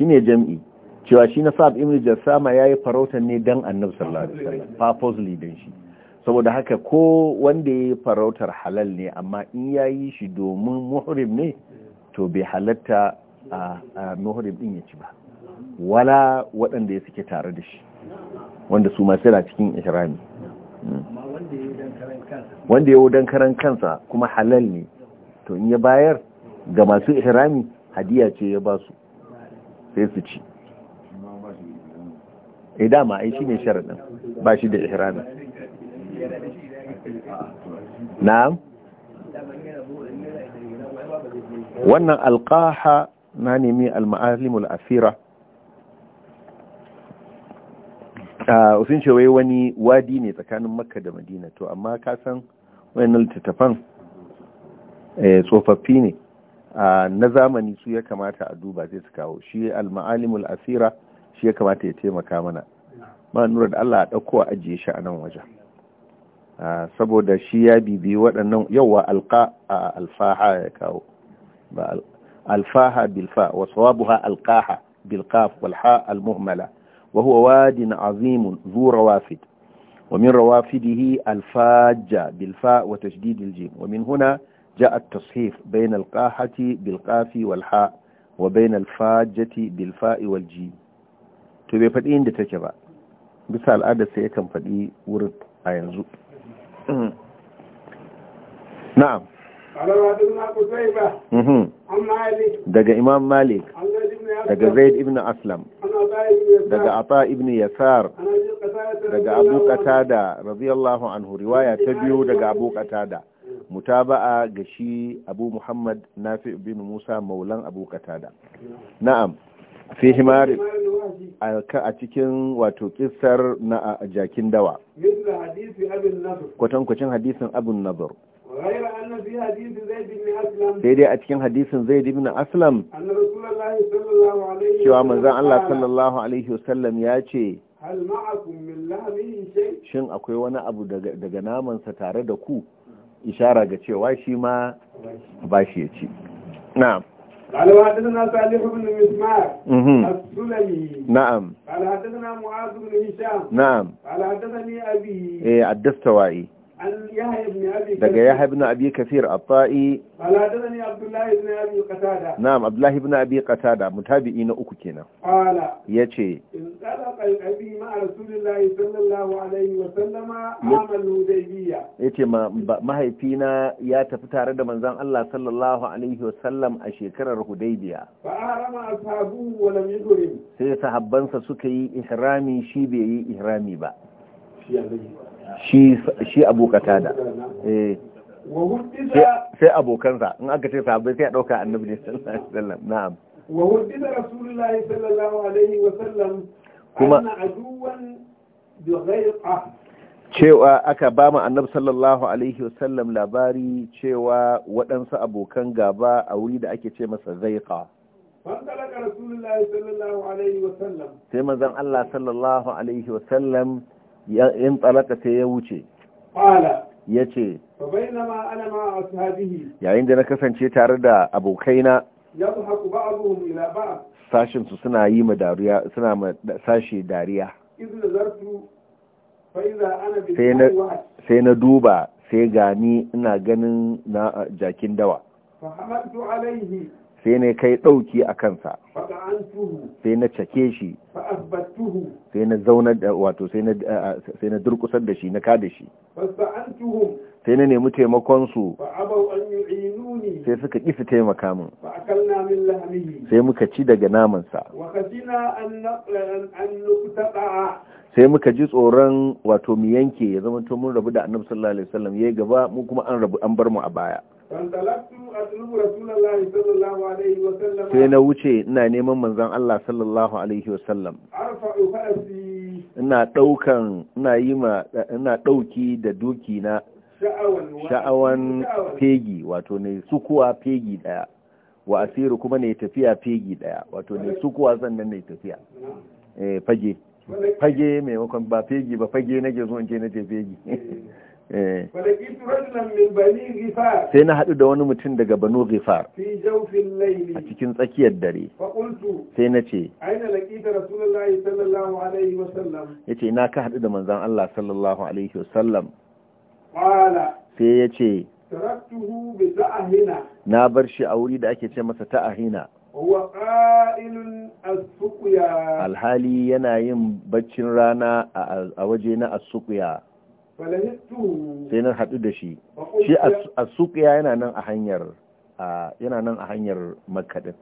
ne jam'i cewa shi na nasab sama ya yi farautar ne dan annabi sallallahu purposely shi saboda haka ko wanda ya yi farautar halal ne amma in ya yi shi domin muhrim ne to bai halatta a muhrim din ya ci ba wala waɗanda ya suke tare da shi wanda su ma yana cikin ihrami wanda ya dan karan kansa kuma halal ne to in ya bayar ga masu ihrami hadiya ce ya ba su sai su ci eh dama ai ne sharadin ba shi da ihrami na'am wannan alƙaha na nemi al-ma'alimul asira sun cewa wani wadi ne tsakanin makka da madina to amma kasan san wayannan littattafan eh, tsofaffi ne na zamani su ya kamata a duba zai su kawo shi al-ma'alimul asira shi ya kamata ya taimaka mana ma nura da Allah a ɗauko a ajiye shi a nan wajen saboda shi ya bibi waɗannan yawa alƙa a alfaha ya kawo ba alfaha bilfa wa sawabuha alqaha bilqaf wal ha al muhmala wa huwa wadin azim zu rawafid wa min rawafidihi alfajja bilfa wa tashdid al wa min جاء التصحيف بين القاحة بالقاف والحاء وبين الفاجة بالفاء والجيم to bai faɗi inda take ba bisa al'adar sai yakan faɗi wurin a yanzu na'am daga imam malik daga zaid ibn aslam daga ata ibn yasar daga abu qatada radiyallahu anhu riwaya ta biyu daga abu qatada mutaba'a ga shi abu muhammad nafi bin musa maulan abu katada na'am fi himari a cikin wato kissar na jakin dawa kwatankwacin hadisin abin nazar sai dai a cikin hadisin zai ibn aslam cewa manzan allah sallallahu alaihi wasallam ya ce shin akwai wani abu daga namansa tare da ku ishara ga cewa shi ma ba shi ya ci na'am alhadisun salihu bin ismail as-sulami na'am alhadisun mu'adh bin hisham na'am alhadisani abi eh addastawai daga yahya ibn abi kathir a tai na'am abdullahi ibn abi qatada mutabi'i na uku kenan Ya ce. Ya ce ma mahaifina ya tafi tare da manzon Allah sallallahu alaihi wa sallam a shekarar hudaybiya sai sahabbansa suka yi ihrami shi bai yi ihrami ba shi abu eh. sai abokansa in aka ce sahabbai sai a ɗauka annabi ne sallallahu alaihi wasallam na'am wa wuddida rasulullahi sallallahu alaihi wasallam kuma aduwan bi ghayr cewa aka ba mu annabi sallallahu alaihi wasallam labari cewa waɗansu abokan gaba a wuri da ake ce masa zaiqa sai manzon Allah sallallahu alaihi wasallam in talaka sai ya wuce ya ce yayin da na kasance tare da abokaina sashinsu suna yi ma dariya suna ma sashi dariya sai na duba sai gani ina ganin na jakin dawa sai na kai ɗauki a kansa sai na cake shi sai na zaunar da wato sai na durkusar da shi na kada shi sai na nemi taimakonsu sai suka ƙi taimaka min sai muka ci daga namansa sai muka ji tsoron wato mu yanke ya zama mun rabu da annabi sallallahu alaihi wasallam yayi gaba mu kuma an rabu an bar mu a baya sai na wuce ina neman manzan Allah sallallahu alaihi wasallam ina daukan ina yi ma ina dauki da duki na sha'awan fegi wato ne sukuwa fegi daya wa asiru kuma ne tafiya fegi daya wato ne sukuwa sannan ne tafiya eh, fage fage maimakon ba fegi ba fage nake zo in ce na ce fegi eh. Eh. sai na haɗu da wani mutum daga banu ghifar a cikin tsakiyar dare sai na ce ya ce na ka haɗu da manzan Allah sallallahu alaihi wasallam sai ya ce na bar shi a wuri da ake ce masa ta'ahina alhali yana yin baccin rana a waje na asukuya sai na haɗu da shi shi a suƙiya yana nan a hanyar yana nan a hanyar makaɗin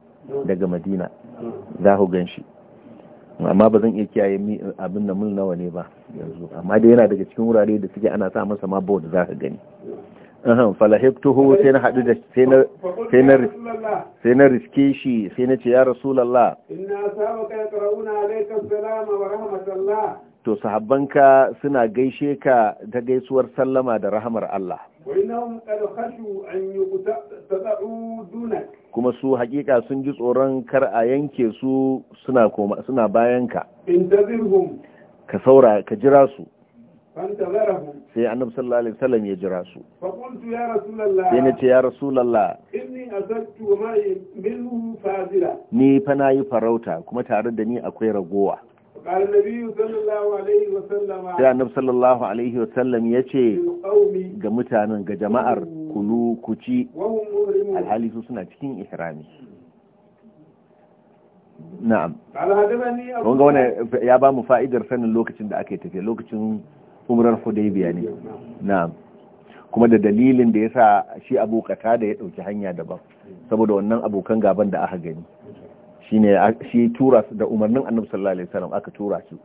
daga madina za ku gan shi amma ba zan iya kiyaye abin da mil nawa ne ba yanzu amma dai yana daga cikin wurare da suke ana sa masa ma da za ka gani falahibtuhu sai na haɗu da sai na riske shi sai na ce ya rasulallah inna asabaka yaqrauna alayka salama wa rahmatullah to sahabbanka suna gaishe ka ta gaisuwar sallama da rahamar Allah kuma su hakika sun ji tsoron kar a yanke su suna koma suna bayanka ka saura ka jira su sai annabi sallallahu alaihi wasallam ya jira su sai na ce ya rasulallah ni fa na yi farauta kuma tare da ni akwai ragowa قال النبي صلى الله عليه وسلم يا النبي ga mutanen ga jama'ar kulu kuci alhali su suna cikin ihrami na'am kun ga ya ba mu fa'idar sanin lokacin da aka yi tafiya lokacin umrar hudaybiya ne na'am kuma da dalilin da yasa shi abu da ya ɗauki hanya daban saboda wannan abokan gaban da aka gani shine shi tura su da umarnin annabi sallallahu alaihi wasallam aka tura su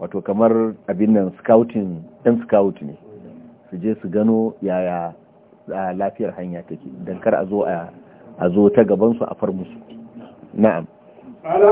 wato kamar abin nan scouting dan scout ne su je su gano yaya lafiyar hanya take dan kar a zo a zo ta gaban su a far musu na'am قال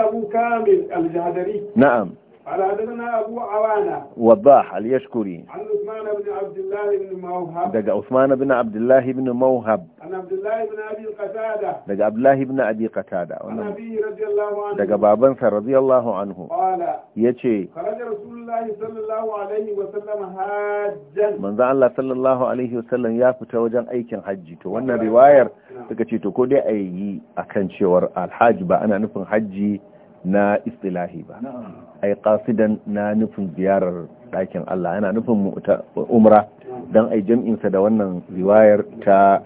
abu kamil al-jahdari na'am حدثنا أبو عوانة وضاح اليشكري عن عثمان بن عبد الله بن موهب دق عثمان بن عبد الله بن موهب عن عبد الله بن أبي قتادة دق عبد الله بن أبي قتادة عن أبيه رضي الله عنه دق بابنسا رضي الله عنه قال يتشي خرج رسول الله صلى الله عليه وسلم حاجا من ذا الله صلى الله عليه وسلم يا فتوجا أيكن حجي تو وانا رواير تكتشي تو كودي أي أكن شور الحاج بأنا نفن حجي na istilahi ba ai kasidan na nufin ziyarar ɗakin Allah yana nufin umra don ai jam'insa da wannan riwayar ta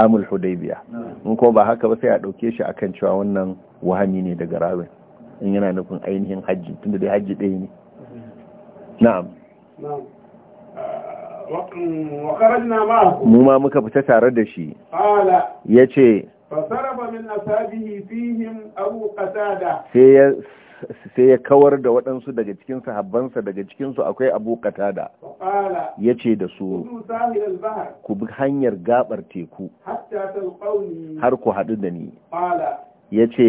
amul hudaybiya in ko ba haka ba sai a ɗauke shi akan cewa wannan wahami ne daga rabin in yana nufin ainihin hajji tunda dai hajji ɗaya ne na'am mu ma muka fita tare da shi ya ce min asabihi fihim abu qatada sai ya kawar da waɗansu daga cikin sahabbansa daga cikin su akwai abu qatada ya ce da su ku bi hanyar gabar teku har ku haɗu da ni ya ce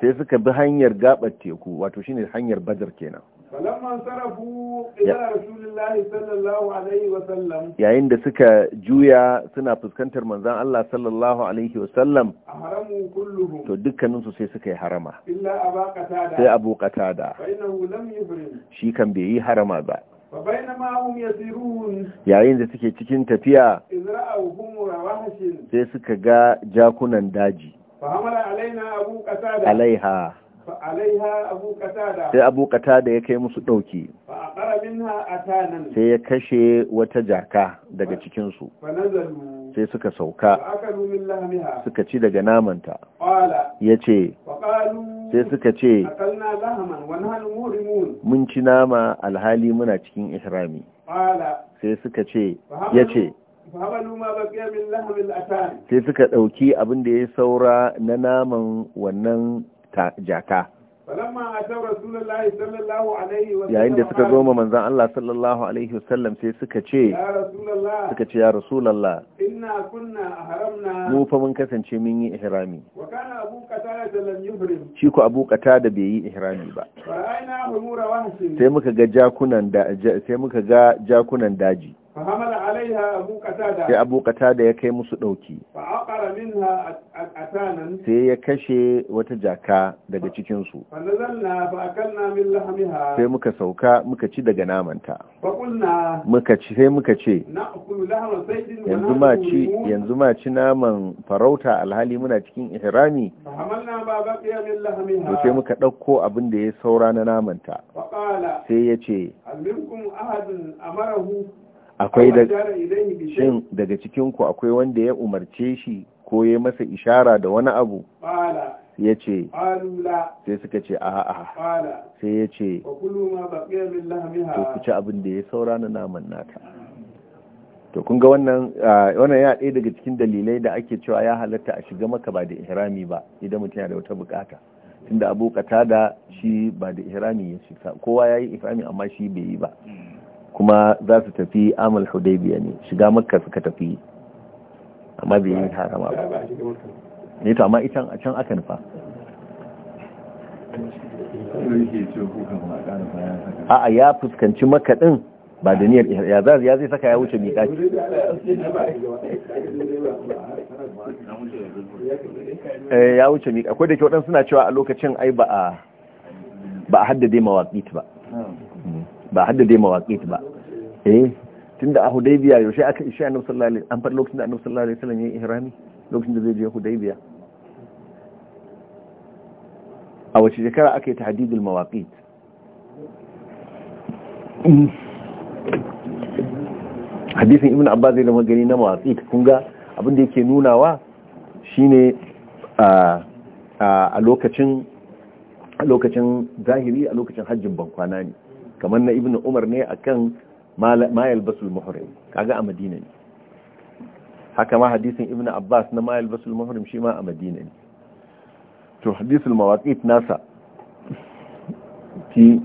sai suka bi hanyar gabar teku wato shine hanyar badar kenan falamman sarafu ila sallallahu alaihi yayin da suka juya suna fuskantar manzan Allah sallallahu alaihi wasallam to dukkaninsu sai suka yi harama sai abu qatada da. shi kan bai yi harama ba yayin da suke cikin tafiya sai suka ga jakunan daji alaiha sai abu da ya kai musu ɗauki sai ya kashe wata jaka daga cikinsu sai suka sauka suka ci daga namanta ya ce sai suka ce mun ci nama alhali muna cikin ihrami sai suka ce ya ce sai suka ɗauki abin da ya saura na naman wannan jaka yayin da suka zoma manzan Allah sallallahu alaihi wasallam sai suka ce suka ce ya rasulallah mu fa mun kasance mun yi ihrami shi ku abu da bai yi ihrami ba sai muka ga jakunan daji sai abu da ya kai musu ɗauki sai ya kashe wata jaka daga cikinsu sai muka sauka muka ci daga namanta muka ci sai muka ce yanzu ma ci yanzu ma ci naman farauta alhali muna cikin ihrami to sai muka ɗauko abin da ya saura na namanta sai ya ce akwai daga cikinku akwai wanda ya umarce shi ko ya masa ishara da wani abu ya ce sai suka ce a'a sai ya ce to ku ci abin da ya saura na naman nata to kun ga wannan wannan ya ɗaya daga cikin dalilai da ake cewa ya halatta a shiga maka ba da ihrami ba idan mutum yana da wata bukata tunda abokata da shi ba da ihrami ya shiga kowa ya yi ihrami amma shi bai yi ba hmm. kuma za su tafi amal hudaybiya ne shiga makka suka tafi amma bai yi harama ba ne to amma ita a can aka nufa a'a ya fuskanci makka din ba da niyyar ya za ya zai saka ya wuce miƙaci eh, ya wuce miƙa ko da kyau dan suna cewa a lokacin ai ba a ba a haddade mawaƙit ba ba haddade mawaƙit ba eh tunda a hudaybiya yaushe aka isha annabi sallallahu alaihi an fara lokacin da annabi sallallahu alaihi wasallam yi ihrami lokacin da zai je hudaybiya a wace shekara aka yi tahdidul mawaqit hadisin ibn abbas zai zama gani na mawaqit kun ga abin da yake nunawa shine a a lokacin a lokacin zahiri a lokacin hajjin bankwana ne kamar na ibn umar ne akan mayal basul muhrim kaga a madina ne haka ma hadisin ibn abbas na mayal basul muhrim shi ma a madina ne to hadisul mawaqit nasa ki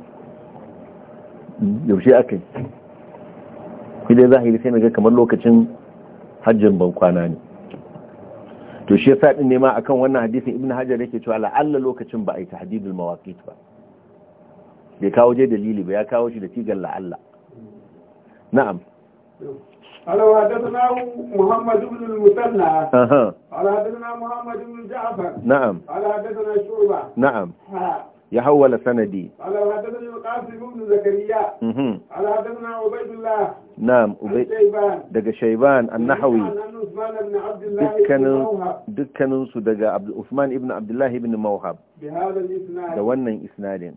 yaushe aka yi ku dai zahiri sai naga kamar lokacin hajjin ban kwana ne to shi sa ɗin ne ma akan wannan hadisin ibn hajar yake cewa la'alla lokacin ba a yi tahdidul mawaqit ba bai kawo je dalili ba ya kawo shi da cigar la'alla na'am alawa da muhammadu bin muhammadu bin na'am ya sanadi alawa da suna bin zakariya mhm. daga shaiban an nahawi dukkaninsu daga usman ibn abdullahi ibn mawhab da wannan isnadin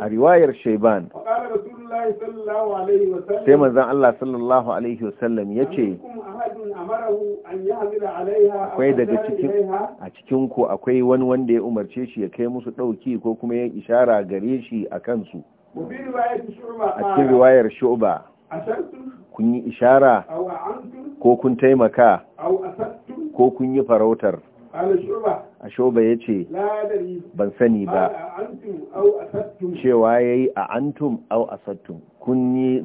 a riwayar shaiban sai manzan Allah sallallahu alaihi wasallam ya ce akwai daga cikin a ku akwai wani wanda ya umarce shi ya kai musu ɗauki ko kuma ya ishara gare shi a kansu a cikin riwayar shuba kun yi ishara ko kun taimaka ko kun yi farautar ashoba ya ce ban sani ba cewa ya yi a antum au asattum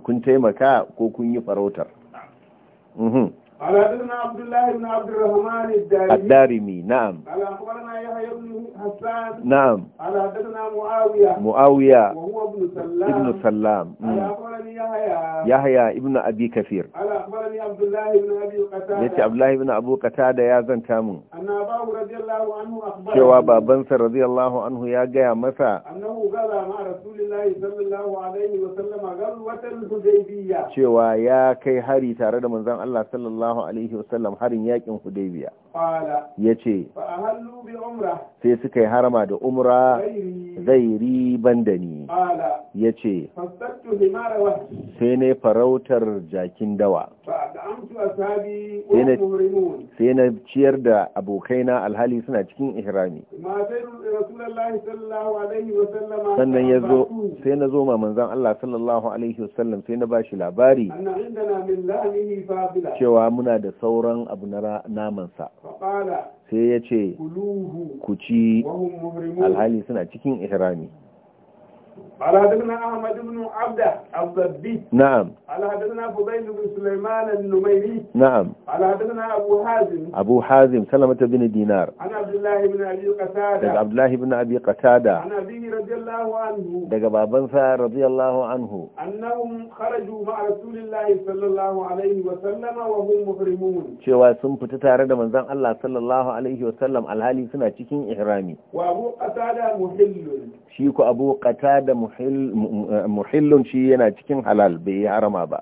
kun taimaka ko kun yi farautar قال حدثنا عبد الله بن عبد الرحمن الدارمي الدارمي نعم قال اخبرنا يحيى بن حسان نعم قال حدثنا معاويه معاويه وهو ابن سلام ابن سلام قال اخبرني يحيى يحيى ابن ابي كثير قال اخبرني عبد الله بن ابي قتاده يتي عبد الله بن ابو قتاده يا زنتا من ان اباه رضي الله عنه اخبره cewa babansa radiyallahu anhu ya gaya masa annahu gala ma rasulillahi sallallahu alaihi wa sallama galwatul hudaybiyya cewa ya kai hari tare da manzon Allah sallallahu sallallahu alaihi wasallam harin yakin hudaybiya ce. sai suka yi harama da umra zai riban da ni. Ya ce. sai ne farautar jakin dawa sai na ciyar da abokaina alhali suna cikin ihrami sannan ya zo sai na zo ma manzan Allah sallallahu alaihi wasallam sai na ba shi labari cewa muna da sauran abu na namansa sai ya ce ku ci alhali suna cikin ihrami قال حدثنا احمد بن عبده الضبي نعم قال حدثنا فضيل بن سليمان النميري نعم قال حدثنا ابو حازم ابو حازم سلمة بن دينار عن عبد الله بن ابي قتاده عبد الله بن ابي قتاده عن ابيه رضي الله عنه دغ بابنسا رضي الله عنه انهم خرجوا مع رسول الله صلى الله عليه وسلم وهم محرمون cewa sun fita tare da manzon Allah sallallahu alaihi wasallam alhali suna cikin ihrami wa abu qatada muhillun shi ko abu qatada muhillun Eh, muhillun shi yana cikin halal bai yi harama ba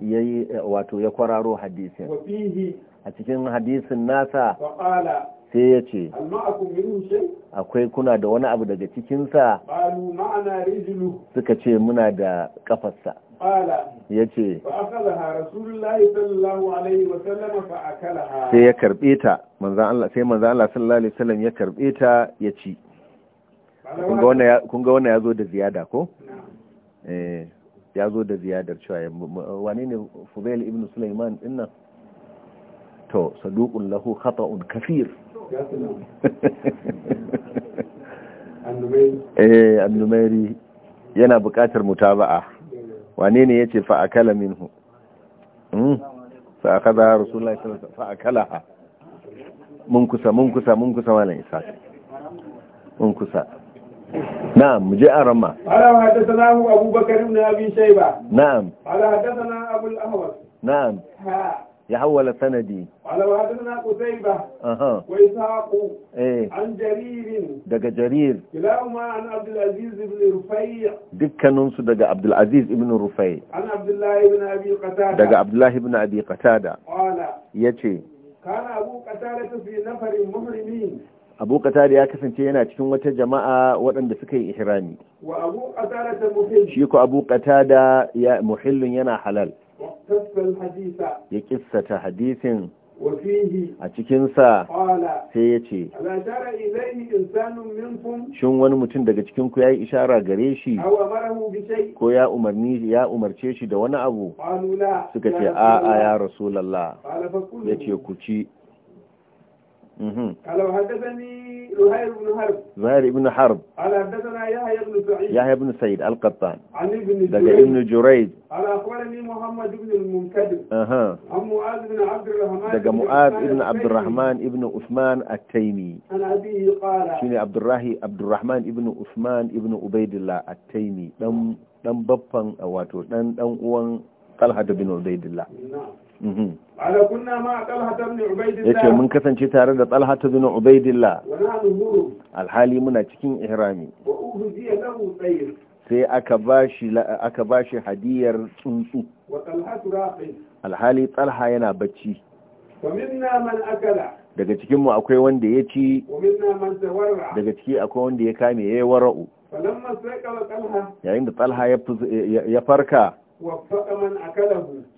yayi eh, wato ya kwararo hadisin a cikin hadisin nasa sai ya ce akwai kuna da wani abu daga cikinsa suka ce muna da kafarsa ya ce sai ya karbe ta sai manzan Allah sallallahu alaihi wasallam ya karbe ta ya ci Kunga ga wannan ya zo da ziyada ko eh, ya zo da ziyadar cewa wani ne fubail ibn sulaiman inna to saduqun lahu khata'un kafir eh annumairi yana buƙatar mutaba'a wane ne yace fa fa’akala minhu mm fa akaza rasulullahi sallallahu alaihi wasallam fa mun kusa mun kusa mun kusa wannan isa mun kusa نعم مجاء رمى قال وحدثناه أبو بكر بن أبي شيبة نعم قال حدثنا أبو الأهوس نعم ها يحول سندي قال وحدثنا قتيبة أها وإسحاق إيه عن جرير دقى جرير كلاهما عن عبد العزيز بن رفيع دكا ننسو دقى عبد العزيز بن رفيع عن عبد الله بن أبي قتادة دقى عبد الله بن أبي قتادة قال يتي كان أبو قتادة في نفر محرمين abu katari ya kasance yana cikin wata jama'a waɗanda suka yi ihrami wa abu qatada muhil shi ko abu katada ya muhillun yana halal ya kissata hadisin a cikinsa sai ya ce shin wani mutum daga cikinku ya yi ishara gare shi ko ya umarce shi da wani abu suka ce a'a ya rasulallah ya ce ku ci قال وحدثني زهير بن حرب زهير بن حرب قال حدثنا يحيى بن سعيد يحيى بن سعيد القطان عن ابن جريج ابن جريج قال اخبرني محمد بن المنكدر اها عن معاذ بن عبد الرحمن دقى معاذ بن عبد الرحمن بن عثمان التيمي عن ابيه قال شنو عبد الرحي عبد الرحمن ابن عثمان ابن عبيد الله التيمي دم دم بفن دم وان dan uwan عبيد الله نعم Mhm. ala kunna ma talha ibn ubaidillah yace mun kasance tare da talha ibn ubaidillah alhali muna cikin ihrami sai aka bashi aka bashi hadiyar tsuntsu alhali talha yana bacci daga cikinmu akwai wanda ya ci daga ciki akwai wanda ya kame ya yi wara'u yayin da talha ya farka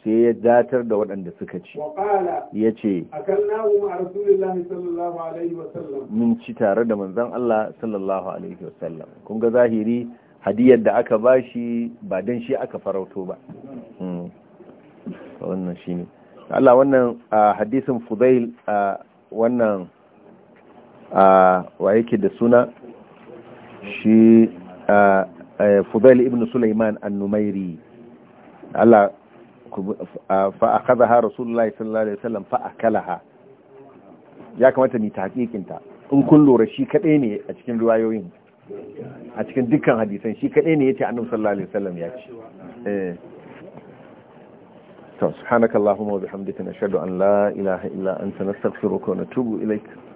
sai ya datar da waɗanda suka ci ya ce Mun ci tare da manzan Allah sallallahu alaihi wasallam kun ga zahiri hadiyar da aka ba shi ba don shi aka farauto ba hmm. wannan shi ne Allah wannan hadisin fudail wannan wa yake da suna shi fudail ibn Sulaiman an-Numairi Allah fa akhadha rasulullahi sallallahu alaihi wasallam fa akalaha ya kamata ni tahqiqin ta in kun lura shi kadai ne a cikin riwayoyin a cikin dukkan hadisan shi kadai ne yace annabi sallallahu alaihi wasallam ya ce eh to subhanakallahumma wa bihamdika nashhadu an la ilaha illa anta nastaghfiruka wa natubu ilaika